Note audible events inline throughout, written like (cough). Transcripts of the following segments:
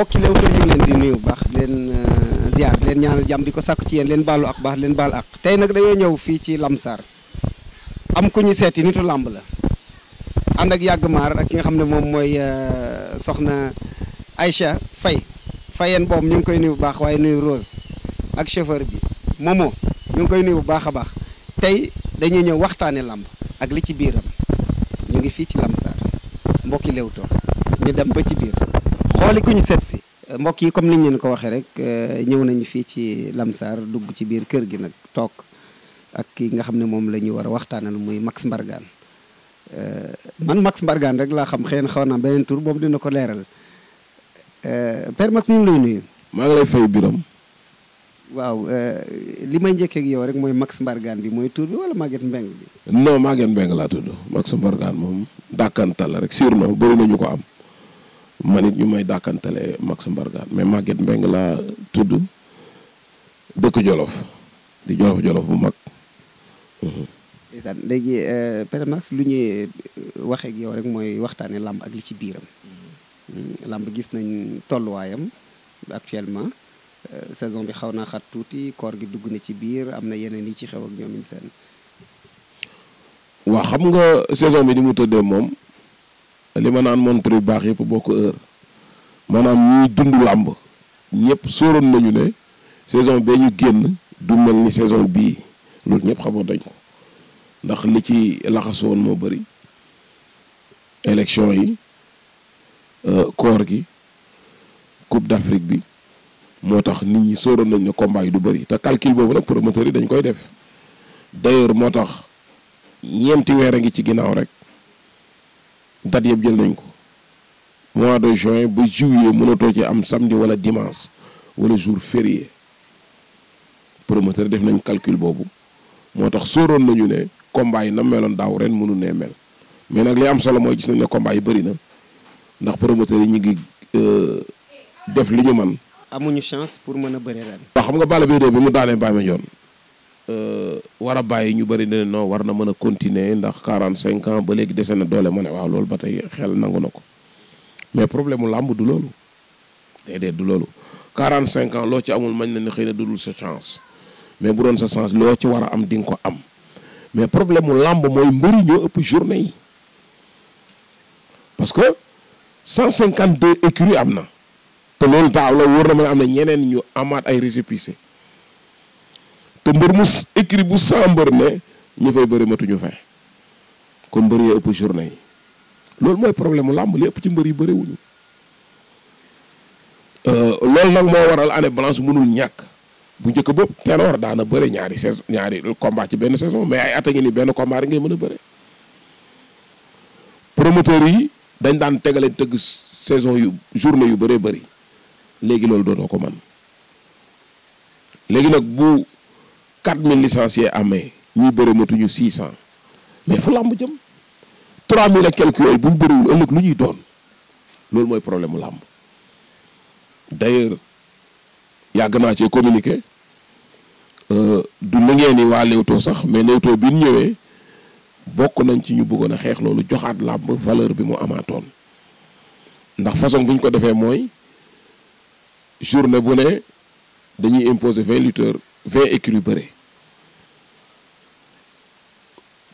mbokki Leewtoo ñu leen di nuyu bu baax leen euh, ziar leen ñaanal jàmm di ko sàkku ci yéen leen baalu ak baax leen baal ak tey nag dañoo ñëw fii ci Lamsar am ku ñu seeti nitu làmb la ànd ak yàgg maar ak nga xam ne moom mooy euh, soxna Aïcha Faye Fayeen boobu ñu ngi koy nuyu bu baax waaye nuyu Rose ak chauffeur bi Momo ñu ngi koy nuyu bu baax a baax tey dañuy ñëw waxtaane làmb ak li ci biiram ñu ngi fii ci Lamsar mbokki Leewtoo ñu dem ba ci biir xooli ku ñu seet si mbokk yi comme niñ leen ko waxee rek eh, ñëw nañu fii ci Lamsar dugg ci biir kër gi nag toog ak ki nga xam ne moom lañuy ñu war a waxtaanal muy Max Mbargane eh, man Max Mbargane rek laa xam xëy xaw naa beneen tur boobu dina ko leeral eh, Père Max ñu ngi maa ngi lay fay biram waaw li may njëkkee yow rek mooy Max Mbargane bi muy tur bi wala Maguette Mbengue bi. non Maguette Mbengue laa tudd Max Mbargane moom dàkkantal la rek surnom bëri nañu ko am. man it ñu may dàkkantale Max Mbargaan mais Maguette Mbengue laa tudd dëkk Jolof di Jolof Jolof bu mag. Mhm. ndeysaan léegi euh, Père Max lu ñuy euh, waxee yow rek mooy waxtaanee làmb ak li ci biiram. Mhm. làmb gis nañ tolluwaayam actuellement euh, saison bi xaw naa xat tuuti koor gi dugg na ci biir am na yeneen yi ci xew ak ñoom seen. waaw xam nga saison bi ni mu tëddee moom li ma naan montre yu baax yëpp boo ko heure maanaam ñuy dund làmb ñëpp sóoroon nañu ne saison bee ñu génn du mel ni saison bii loolu ñëpp xamoon dañ ko ndax li ci laxasoon moo bari élection yi euh, koor gi coupe d'Afrique bi moo tax nit ñi sooroon nañ ne combat yi du bëri te calcul boobu nag promoteurs yi dañ koy def d'ailleurs moo tax ñeenti weer a ngi ci ginnaaw rek date yëpp jël nañ ko mois de juin ba juillet mënatoo ci am samedi wala dimanche wala jour férié promoteur def nañ calcul boobu moo tax sóoroon nañu ne combat yi na meloon daaw ren mënu ne mel mais nag li am solo mooy gis nañ ne combat yi bëri na ndax promoteur yi ñu ngi euh, def li ñu man amuñu chance pour mën a bari ren. waaw xam nga Balla Gaye 2 bi mu daanee Baye Mandione Euh, war a bàyyi ñu bëri ne non war na mën a continuer ndax 45 ans ba léegi dese na doole ma ne waaw loolu ba tey xel nangu na ko mais problème mu làmb du loolu du loolu 45 ans loo ci amul mañ na xëy na dudul sa chance mais bu doon sa chance loo ci war a am di ko am mais problème mu làmb mooy mbëri ñoo ëpp journée yi parce que cent cinquante 152 écuries am na te loolu daaw la wóor na mën ne am na ñeneen ñu amaat ay récépissé te mbër mu écrit bu saa mbër ne ñu fay bëri matuñu fin kon mbër yee ëpp journée yi loolu mooy problème mu làmb li ëpp ci mbër yi bëriwuñu euh, loolu nag moo waral année blanche mënul ñàkk bu njëkk bopp teel war daana bëri ñaari saison ñaari combat ci benn saison mais ay at a ngi ni benn combat rek ngay mën a bëre promoteurs yi dañ daan tegale tëgg saison yu journée yu bëree bëri léegi loolu dootoo ko man léegi nag bu 4000 licenciés amee ñuy bëri matuñu 600 mais fu làmb jëm 3000 ak quelques yooyu bu mu bëriwul ëllëg lu ñuy doon loolu mooy problème mu làmb d'ailleurs yàgg naa cee communiqué euh, du na ngeen ni waa Leewtoo sax mais Leewtoo bi ñu ñëwee bokk nañ ci ñu bëggoon a xeex loolu joxaat làmb valeur bi mu amaatoon ndax façon bu ñu ko defee mooy journée bu ne dañuy imposer 20 lutteurs. vingt yu bëre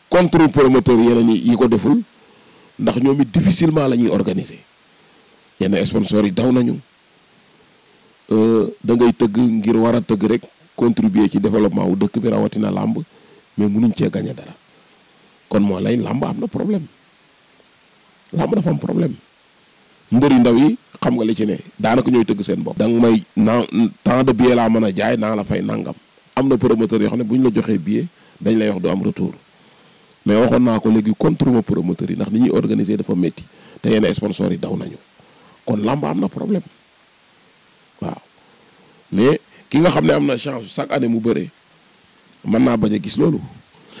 contre promoteur yeneen yi ko deful ndax ñoom it difficilement la ñuy organiser yenn sponsors yi daw nañu euh, da ngay tëgg ngir war a tëgg rek contribuer ci développement wu dëkk bi rawatina làmb mais mënuñ cee gagné dara kon moo lay làmb am na problème làmb dafa am problème mbër yu ndaw yi xam nga li ci ne daanaka ñooy tëgg seen bopp. danga may naa temps de billet laa mën a jaay naa la fay nangam am na promoteur yoo xam ne bu ñu la joxee billet dañ lay wax du am retour mais waxoon naa ko léegi contre ma promoteur yi ndax ni ñuy organiser dafa métti te yenn sponsors yi daw nañu kon làmb am na problème waaw mais ki nga xam ne am na chance chaque année mu bëree mën naa bañ a gis loolu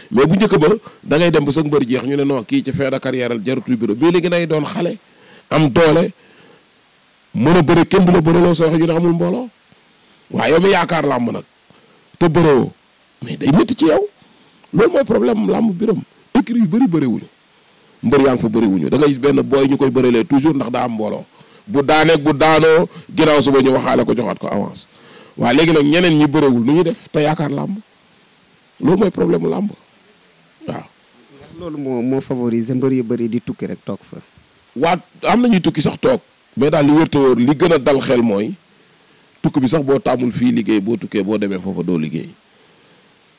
mais bu njëkk ba da ngay dem ba sa mbër jeex ñu ne non kii ci fin de carrière la jarutul bureau bii doon xale. am doole mën a bëre kenn du la bëreloo soo xëy na amul mbooloo waaye yow mi yaakaar làmb nag te bërewoo mais day métti ci yow loolu mooy problème làmb biram écrit yu bëri bëriwuñu mbër yaa ngi fa bëriwuñu da ngay benn booy ñu koy bërelee toujours ndax daa am mbooloo bu daaneeg bu daanoo ginnaaw suba ñu waxaale ko joxaat ko avance waa léegi nag ñeneen ñi bëriwul nu ñuy def te yaakaar làmb loolu mooy problème mu làmb waaw. loolu moo moo favoriser mbër yu bëri di tukki toog fa. waa am nañuy tukki sax toog mais daal li wér li gën a dal xel mooy tukki bi sax boo tàmmul fii liggéey boo tukkee boo demee foofa doo liggéey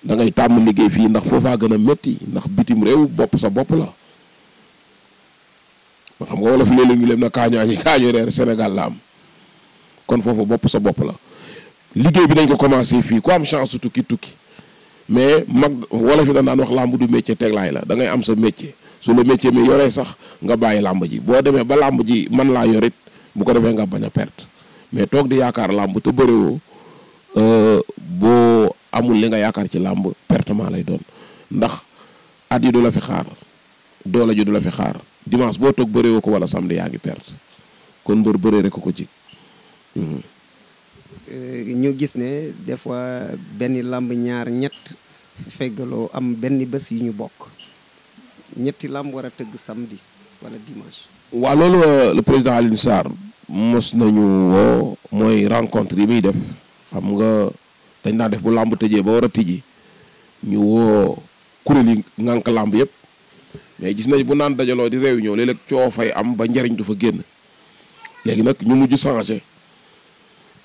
da ngay tàmm liggéey fii ndax foofaa gën a métti ndax bitim réew bopp sa bopp la xam nga wala fi léeg-léeg ñu leen na kaañu añi kaañu reer Sénégal la am kon foofu bopp sa bopp la liggéey bi nañ ko commencé fii ku am chance su tukki tukki mais mag wala fi da naan wax làmb du métier teglaay la da ngay am sa métier su la métier mi yoree sax nga bàyyi làmb ji boo demee ba làmb ji man laa yorit bu ko defee nga bañ a perte mais toog di yaakaar làmb te bëriwoo euh, boo amul li nga yaakaar ci làmb pertement lay doon ndax at yi du la fi xaar doole ji du la fi xaar dimanche boo toog bëriwoo ko wala samedi yaa ngi perte kon mbër bëree rek ko jig hmm. euh, ñu gis ne def fois benn làmb ñaar ñett feggaloo am benn bés yu ñu bokk ñetti làmb war a tëgg samedi wala dimanche. waaw loolu euh, le président Alioune Sarr mos nañu woo mooy rencontre yi muy def xam nga dañ naa def bu làmb tëjee ba war a tijji ñu woo kuréel yi ngànk làmb yëpp mais gis nañ bu naan dajaloo di réew réunion léeg-léeg coo fay am ba njariñ du fa génn léegi nag ñu mujj changé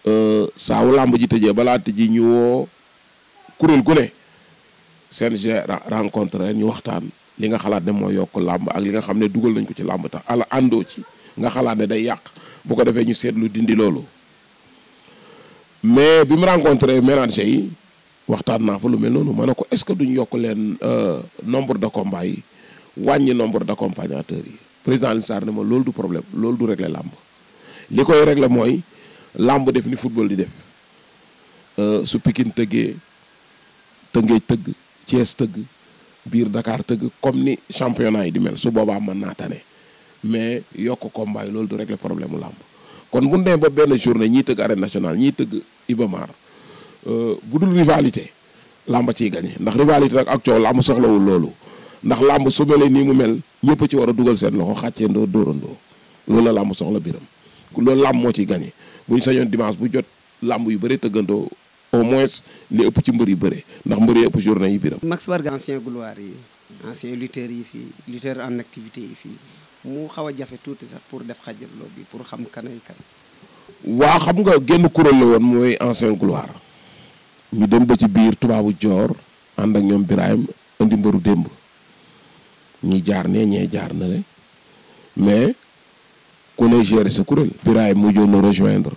euh, saawu làmb ji tëjee balaa tëjji ñu woo kuréel gu ne CNG rencontre ñu waxtaan. li nga xalaat ne moo yokk làmb ak li nga xam ne dugal nañ ko ci làmb tax ala àndoo ci nga xalaat ne day yàq bu ko defee ñu seetlu dindi loolu mais bi mu rencontré ménager yi waxtaan naa fa lu mel noonu ma ne ko est-ce que duñ yokk leen euh, nombre de combats yi wàññi nombre d'accompagnateurs yi président Alioune Sarr ma loolu du problème loolu du régler làmb li koy régler mooy làmb def ni football di def euh, su Pikine tëggee Tëngéej tëgg Thiès tëgg biir dakaar tëgg comme ni championnat yi di mel su boobaa mën naa tane mais yokk combat yi loolu du régler problème mu làmb kon bu ñu demee ba benn journée ñiy tëgg arène nationale ñiy tëgg Ibamar euh, bu dul rivalité làmb ciy gagné ndax rivalité nag ak coow làmb soxlawul loolu ndax làmb su melee nii mu mel ñëpp ci war a dugal seen loxo xàccee ndoo dóorandoo loolu la làmb soxla biram loolu làmb moo ciy gagné bu ñu sañoon dimanche bu jot làmb yu bëri tëggandoo au moins li ëpp ci mbër yu bëre ndax mbër yi ëpp journée yi biram Max Barga ancien gloire yi ancien lutteur yi fii lutteur en activité yi fii mu xaw a jafe tuuti sax pour def xajaloo bi pour xam kanay kan waa xam nga génn kuréel la woon mooy ancien gloire ñu dem ba ci biir tubaabu joor ànd ak ñoom Birahim indi mbëru démb ñi jaar ne ñee jaar na le mais ku ne gérer sa kuréel Birahim mu joon rejoindre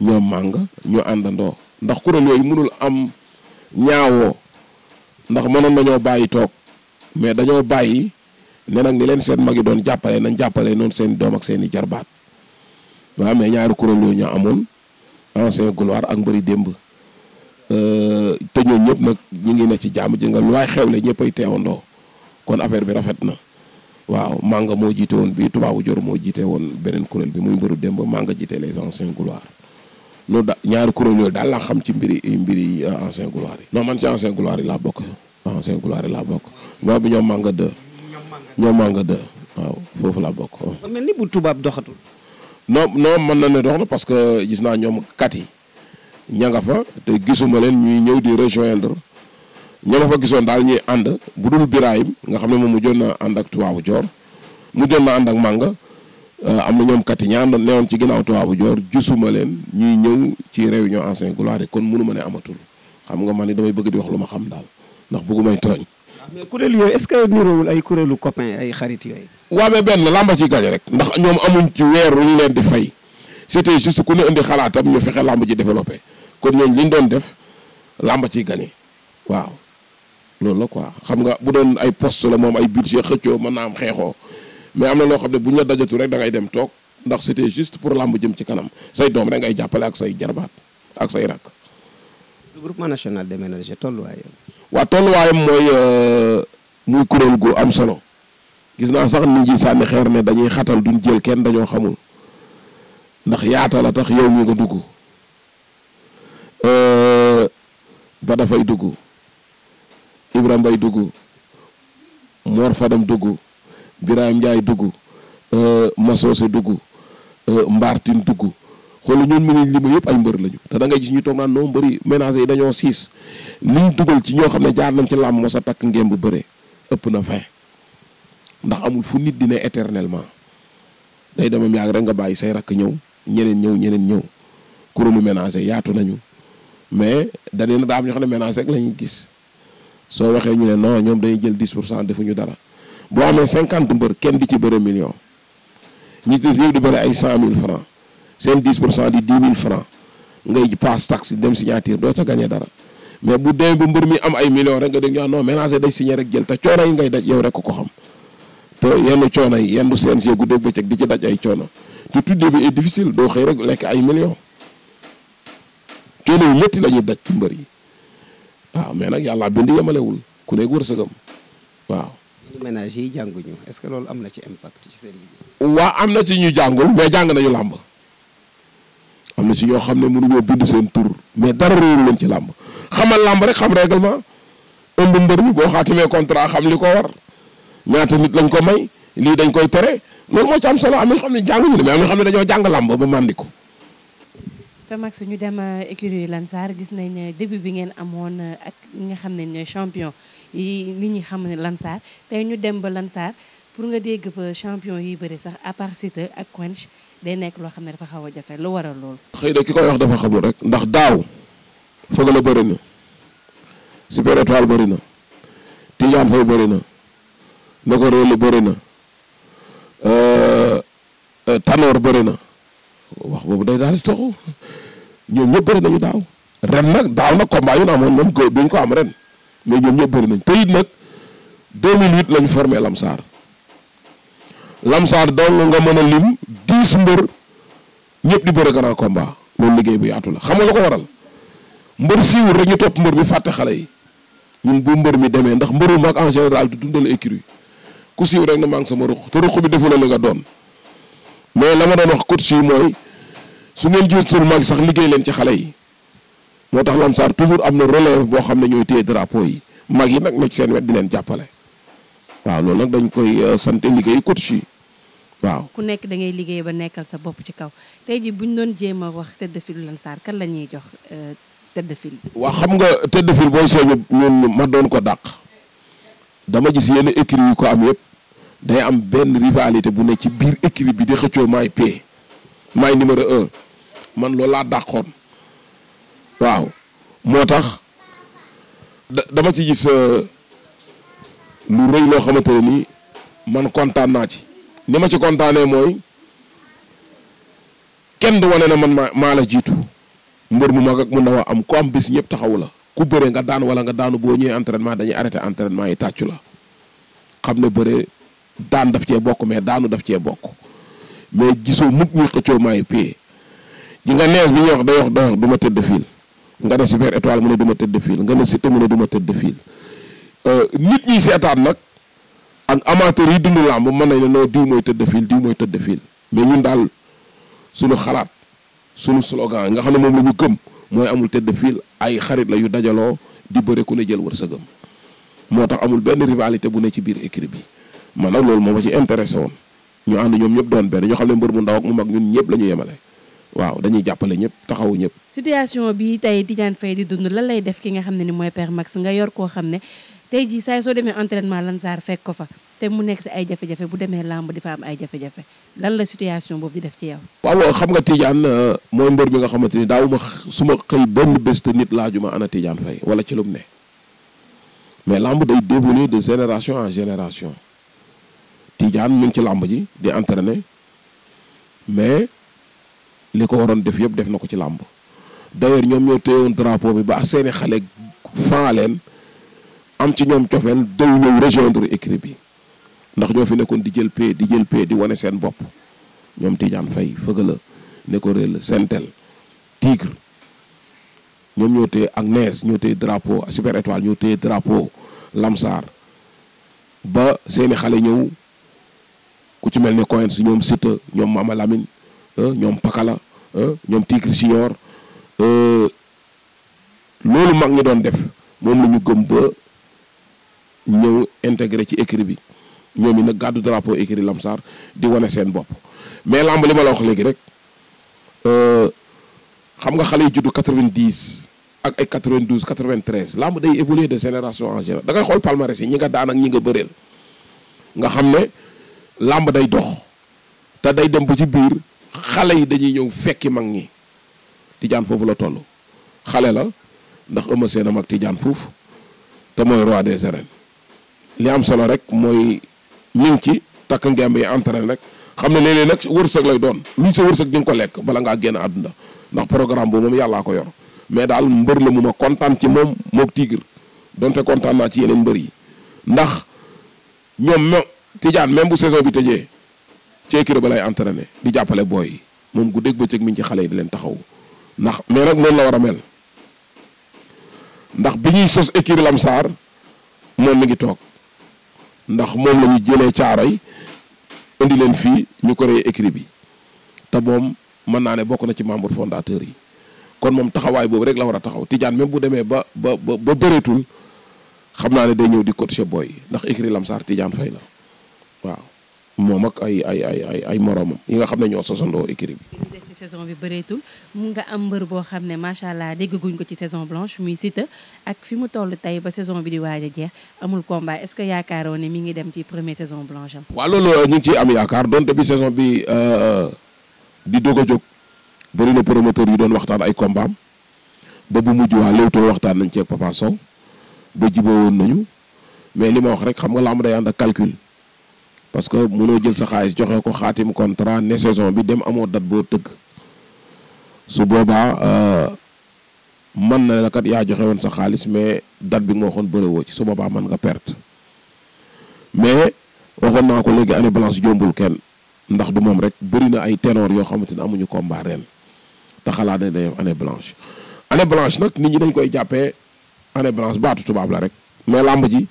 ñoom màng ñoo àndandoo ndax kuréel yooyu mënul am ñaawoo ndax mënoon dañoo bàyyi toog mais dañoo bàyyi ne nag ni leen seen mag yi doon jàppale nañ jàppale noonu seen doom ak seen i jarbaat waaw mais ñaari kuréel yooyu ñoo amoon ancien gloire ak mbëri démb euh, te ñooñu ñëpp nag ñu ngi ne ci jàmm ji lu waay xewle ñëpp ay teewandoo kon affaire bi rafet na waaw Manga moo jiite woon bi tubaabu Jor moo jiite woon beneen kuréel bi muy mbëru démb Manga jiite les anciens gloires loolu da ñaari kuréel yooyu xam ci mbiri mbiri euh, ancien gloire yi man ci ancien gloire bokk ancien gloire yi laa bokk ñoo mànga deux mànga deux laa bokk mel ni bu tubaab mën na ne dox na parce que gis naa ñoom kat yi nga fa te gisuma leen ñuy ñëw di rejoindre ña fa gisoon daal ñuy ànd bu dul Birahim nga xam ne moom mu jot na ànd ak tubaabu joor mu jot na ànd ak mànga Euh, am na ñoom kat yi ñaan doon neewoon ci ginnaaw tubaabu joor jusuma leen ñuy ñëw ci réunion ancienne gloire kon mënu ma ne amatul xam nga man ni damay bëgg di wax lu ma xam daal ndax bëggu may tooñ. Ah, mais kuréel yooyu ce que niroowul ay kuréelu copain ay xarit yooyu. waaw mais ci gañe rek ndax ñoom amuñ ci weer lu ñu leen di fay c'était juste ku ne indi xalaatam ñu fexe làmb ji développé kon ñooñu li ñu doon def làmba ciy gañe waaw loolu xam nga bu doon ay poste la moom ay budget xëccoo man naa am xeexoo mais am na loo xam ne bu ñu la dajatu rek dangay dem toog ndax c'était juste pour làmb jëm ci kanam say doom rek ngay jàppale ak say jarbaat ak say rakk. groupement national des ménagers tolluwaayam. waaw tolluwaayam mooy euh, muy kuréel gu am solo gis naa sax nit ñi sànni xeer ne dañuy xatal duñ jël kenn dañoo xamul ndax yaata la tax yow mi nga dugg euh, ba dafay dugg Ibrahima mbay dugg Mor Fadam dugg. Birahim Ndiaye dugg euh, Masose dugg euh, Mbartin dugg xoolal ñun mu ngi lima yëpp ay mbër lañu te da ngay gis ñu toog naan noo mbëri ménager yi dañoo siis liñ dugal ci ñoo xam ne jaar nañ ci làmb mos sa takk ngéem bu bëree ëpp na fin ndax amul fu nit dina éternellement day demam yàgg rek nga bàyyi say rakk ñëw ñeneen ñëw ñeneen ñëw kuréelu ménager yaatu nañu mais dañu ne daa am ñoo xam ne ménager rek lañuy gis soo waxee ñu ne non ñoom dañuy jël 10 pour cent defuñu dara. boo amee cinquante mbër kenn di ci bëre million ñi des di bëre ay cent mille francs seen dix pour cent di dix mille francs ngay paas taxe dem signature doo ca gagné dara mais bu demee ba mbër mi am ay million rek nga dégg ñu non ménager day signé rek jël te coono yi ngay daj yow rek ko ko xam te yenn coono yi yenn CNG guddeeg bëccëg di ci daj ay coono te tout début est difficile doo xëy rek lekk ay million coono yu métti la ñuy daj mbër yi waaw mais nag yàlla bind yemalewul ku nekk wërsëgam waaw ménage yi jànguñu est-ce que loolu am na ci impact ci seen liggéey. waaw am na ci ñu jàngul mais jàng nañu làmb am na ci ñoo xam ne mënuñoo bind seen tur mais dara réeru leen ci làmb xamal làmb rek xam règlement ëmb mbër mi boo xaatimee contrat xam li ko war ñaata nit lañ ko may lii dañ koy tere loolu moo ci am solo am na ñoo xam ne jànguñu ne mais am na xam ne dañoo jàng làmb ba màndiku. Max ñu dem euh, écurie gis nañ euh, début bi ngeen amoon euh, ak ñi nga xam ne ñooy champion. li nit xam ne Lansar tey ñu dem ba Lansar pour nga dégg fa champion yi bëri sax à part ak Quench day nekk loo xam ne dafa xaw a jafe lu waral loolu. xëy na ki koy wax dafa xamul rek ndax daaw foog la bëri na Super bëri na Tidiane na Ndoko Rolu euh, euh, wax boobu day daal di ñoom ñëpp bëri nañu daaw ren nag daaw nag combat yu ñu amoon moom duñ ko am ren. mais ñoom ñëpp bëri nañ te it nag 2008 la ñu formé Lamsaar Lamsaar dong nga mën a lim 10 mbër ñëpp di bëri grand combat loolu liggéey bu yaatu la xam nga lu ko waral mbër siiwul rek ñu topp mbër bi fàtte xale yi ñun bu mbër mi demee ndax mbëru mag en général du dundal écurie ku siiw rek na maa ngi sama ruq te ruq bi defu la li nga doon mais la ma doon wax coach yi mooy su ngeen jiitul mag sax liggéey leen ci xale yi. moo tax Lansar toujours am na relève boo xam ne ñooy téye drapeau yi mag yi nag nekk seen wet di leen jàppale waaw loolu nag dañ koy euh, sant liggéey coach yi waaw. ku nekk da ngay liggéey ba nekkal sa bopp ci kaw tey jii bu ñu doon jéem a wax tëdd fil Lansar kan la ñuy jox euh, tëdd fil. waaw xam nga tëdd fil booy seetlu ñun ma doon ko dàq dama gis yenn écrit yu ko am yëpp day am benn rivalité bu ne ci biir écrit bi di xëccoo maay P maay numéro un man laa dàqoon. waaw moo tax dama ci gis euh, lu rëy loo xamante ne nii man kontaan naa ci ni ma ci kontaanee mooy kenn du wane ne man maa maa la jiitu mbër mu mag ak mu na a am ku am bis ñëpp taxawu la ku bëre nga daan wala nga daanu boo ñëwee entraînement dañuy arrêté entraînement yi tàccu la xam ne bëre daan daf cee bokk mais daanu daf cee bokk mais gisoo mukk ñuy xëccoo maayu pie ji nga nees bi ñuy wax day wax dox du ma tëdd fiil nga ne Super Étoile mu ne du ma tëdd fil nga ne Siteu mu ne du ma tëdd fil euh, nit ñi seetaan nag ak amateur yi dund làmb mën nañ ne noo diw mooy tëdd fil diw mooy tëdd fil mais ñun daal suñu xalaat sunu slogan nga xam ne moom la ñu gëm mooy amul tëdd fil ay xarit la yu dajaloo di bëre ku ne jël wërsëgam moo tax amul benn rivalité bu ne ci biir écrit bi man nag loolu moo ma ci intéressé woon ñu ànd ñoom ñëpp doon benn ñoo xam ne mbër mu ndaw ak mu mag ñun ñëpp la ñu yemale waaw dañuy jàppale ñëpp taxawu ñëpp. situation bi tey Tidiane Faye di dund lan lay def ki nga xam ne ni mooy per Max nga yor koo xam ne tey jii saa soo demee lan saar fekk ko fa te mu nekk si ay jafe-jafe bu demee làmb di fa am ay jafe lan la situation boobu di def ci yow. waaw xam nga Tidiane euh, mooy mbër bi nga xamante ni daawu ma su ma xëy benn bés te nit laajuma ana Tidiane Faye wala ci lu ne mais làmb day dévoluer de génération en génération Tidiane mu ci làmb ji di entraîner mais. li ko waroon def yëpp def na ko ci làmb d'ailleurs ñoom ñoo téyewoon drapeau bi ba seeni xale fan leen am ci ñoom cofeel daw ñëw rejoindre écrit bi ndax ñoo fi nekkoon di jël pay di jël pay di wane seen bopp ñoom Tidiane Faye Fëgala ne ko réel Sentel Tigre ñoom ñoo téye ak nees ñoo téye drapeau super étoile ñoo téye drapeau Lamsar ba seeni xale ñëw ku ci mel ni Coen si ñoom Sita ñoom Mama Lamine ñoom pakala ñoom Tigre Sior euh, loolu mag ñi doon def moom la ñu gëm ba ñëw intégré ci écrit bi ñoom yi nag gàddu drapeau écrit Lamsar di wane seen bopp mais lamb li ma la wax léegi rek euh, xam nga xale yi juddu 90 ak ay 92 93 lamb day évoluer de génération en dangay xool palmarès yi ñi nga daan ak ñi nga bëreel nga xam ne làmb day dox te day dem ba ci biir. xale yi dañuy ñëw fekki mag ñi Tidiane foofu la toll xale la ndax Eumeu seen a mag Tidiane foofu te mooy roi des arènes li am solo rek mooy mi ngi ci takk ngemb yi entraîné rek xam ne léeg-léeg nag wërsëg lay doon luñ sa wërsëg di nga ko lekk bala ngaa génn àdduna ndax programme bu moom yàllaa ko yor mais daal mbër la mu ma kontaan ci moom mook Tigre donte kontaan naa ci yeneen mbër yi ndax ñoom Tidiane même bu saison bi tëjee ci écurie ba lay entraîné di jàppale booy yi moom gu dégg bëccëg mi ngi ci xale yi di leen taxaw ndax mais nag noonu la war a mel ndax bi ñuy sos écurie Lamsaar moom mi ngi toog ndax moom la ñu jëlee caaray indi leen fii ñu créé écurie bi te moom mën naa ne bokk na ci membre fondateur yi kon moom taxawaay boobu rek la war a taxaw Tidiane même bu demee ba ba ba bareetul xam naa ne day ñëw di coacher booy yi ndax écurie Lamsaar Tidiane fay la waaw moom ak ay ay ay moromam yi nga xam ne ñoo sosandoo écurie bi. li saison bi bëreetul mu nga am mbër boo xam ne macha allah déggaguñ ko ci saison blanche muy Siteu ak fi mu toll tey ba saison bi di waaj a jeex amul combat est-ce que yaakaaroo ne mi ngi dem ci première saison blanche am. waaw loolu euh, ñu ngi ciy am yaakaar donte bi saison bi euh, euh, di dog a jóg bëri na promoteur yu doon waxtaan ay combat am ba bu mujj waa Leewtoo waxtaan nañ ci ak Papa ba jiboo woon nañu mais li ma wax rek xam nga làmb day ànd ak calcul. parce que mënoo jël sa xaalis joxe ko xaatim contrat ne saison bi dem amoo date boo tëgg su boobaa euh, mën na la kat yaa joxe woon sa xaalis mais date bi nga waxoon bëriwoo ci su boobaa man nga perte mais waxoon naa ko léegi année blanche jombul kenn ndax du moom rek bëri na ay ténor yoo xamante ne amuñu combat ren te xalaat nañ dañoo année blanche. année blanche nag nit ñi dañ koy jàppee année blanche baatu subaab la rek mais làmb ji.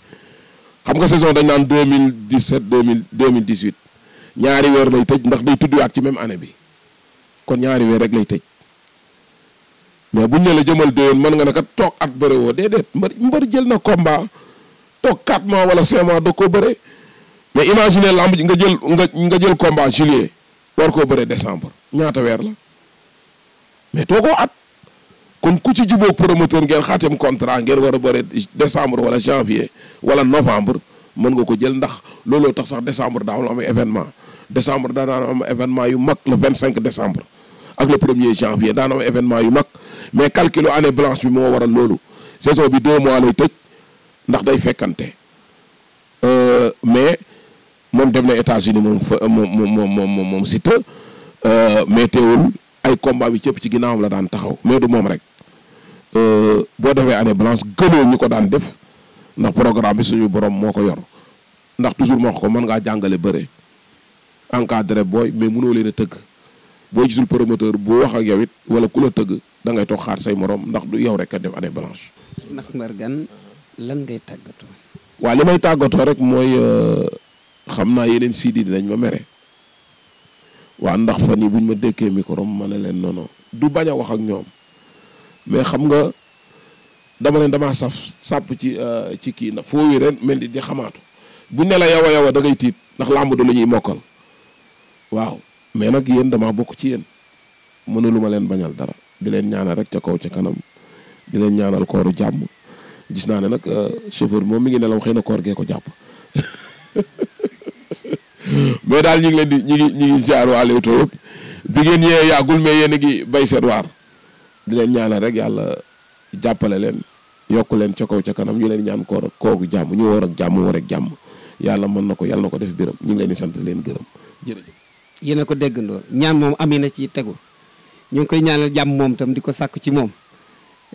xam nga saison dañ naan 2017 2018 ñaari weer lay tëj ndax day tudd ak ci même année bi kon ñaari weer rek lay tëj mais buñ ne la jëmal déwén mën nga ne kat toog at bëre woo déedéet mbari mbër jël na combat toog 4 mois wala 5 mois doo ko bëre mais imagine lamb ji nga jël nga nga jël combat juillet war koo bëre décembre ñaata weer la mais toogoo at kon ku ci jubóog promoteur ngeen xaatim contrat ngeen war a bëre décembre wala janvier wala novembre mën nga ko jël ndax looloo tax sax décembre daaw la am événement décembre daa daan am événement yu mag le cinq décembre ak le premier janvier daan am événement yu mag mais calcul année blanche bi moo waral loolu saison bi deux mois lay tëj ndax day fekkante euh, mais moom dem na États-Unis moom fa moom moom moom moom Siteu euh, mais ay combat bi cëpp ci ginnaawam la daan taxaw mais du moom rek euh, boo defee année blanche gënoo ñu ko daan def ndax programme bi suñu borom moo ko yor ndax toujours moo ko mën ngaa jàngale bëre encadré booy mais mënoo leen a tëgg boo gisul promoteur bu wax ak yow it wala ku la tëgg da ngay toog xaar say moroom ndax du yow rek a def année blanche. Mass Mbargane lan ngay tàggatoo. waaw li may tàggatoo rek mooy euh, xam naa yeneen siidi dinañ ma mere. waa ndax fan yi bu ñu ma dékkee micro ma ne leen non du bañ a wax ak ñoom mais xam nga dama leen damaa saf sàpp ci euh, ci kii na foo wi ren mel ni di xamaatu bu ne la yow a da ngay tiit ndax làmb du lu ñuy mokkal waaw mais nag yéen damaa bokk ci yéen mënu lu ma leen bañal dara di leen ñaanal rek ca kaw ca kanam di leen ñaanal kooru jàmm gis naa ne nag euh, chauffeur moom mi ngi nelaw xëy na koor gee ko jàpp (laughs) mais daal ñu ngi leen di ñu ngi ñu ngi ziar waa Leewtoo bi ngeen yee yàggul mais yéen a ngi bay seen waar leen ñaanal rek yàlla jàppale leen yokk leen ca kaw ca kanam ñu leen ñaan koor ak kooku jàmm ñu war ak jàmm war ak jàmm yàlla mën na ko yàlla ko def biram ñu ngi leen di sant leen gërëm jërëjëf. yéen a ko déggandoo ñaan moom ami na ci tegu ñu ngi koy ñaanal jàmm moom itam di ko sàkk ci moom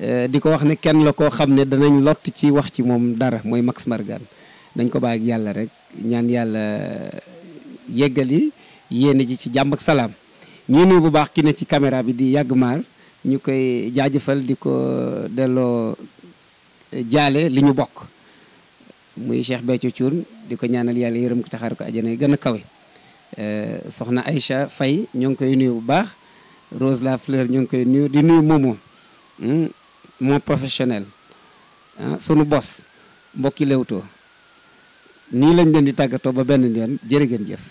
eh, di ko wax ni kenn la koo xam ne danañ lott ci wax ci moom dara mooy Max Margan dañ ko bàyyi ak yàlla rek ñaan yeggali yéene ji ci jàmm ak salaam ñu nuyu bu baax ki ne ci caméra bi di yàgg maar ñu koy jaajëfal di ko delloo eh, jaale li ñu bokk muy Cheikh Béthio Thioune di ko ñaanal yàlla yërëm ko taxaar ko ajana yi gën a kawe eh, soxna ay Aïcha fay ñoo ngi koy nuyu bu baax Rose la Fleur ñoo ngi koy nuyu di nuyu Momo hmm, mon professionnel ah sunu bos mbokki Leewtoo nii lañ leen di tàggatoo ba benn yoon jërë ngeen jëf.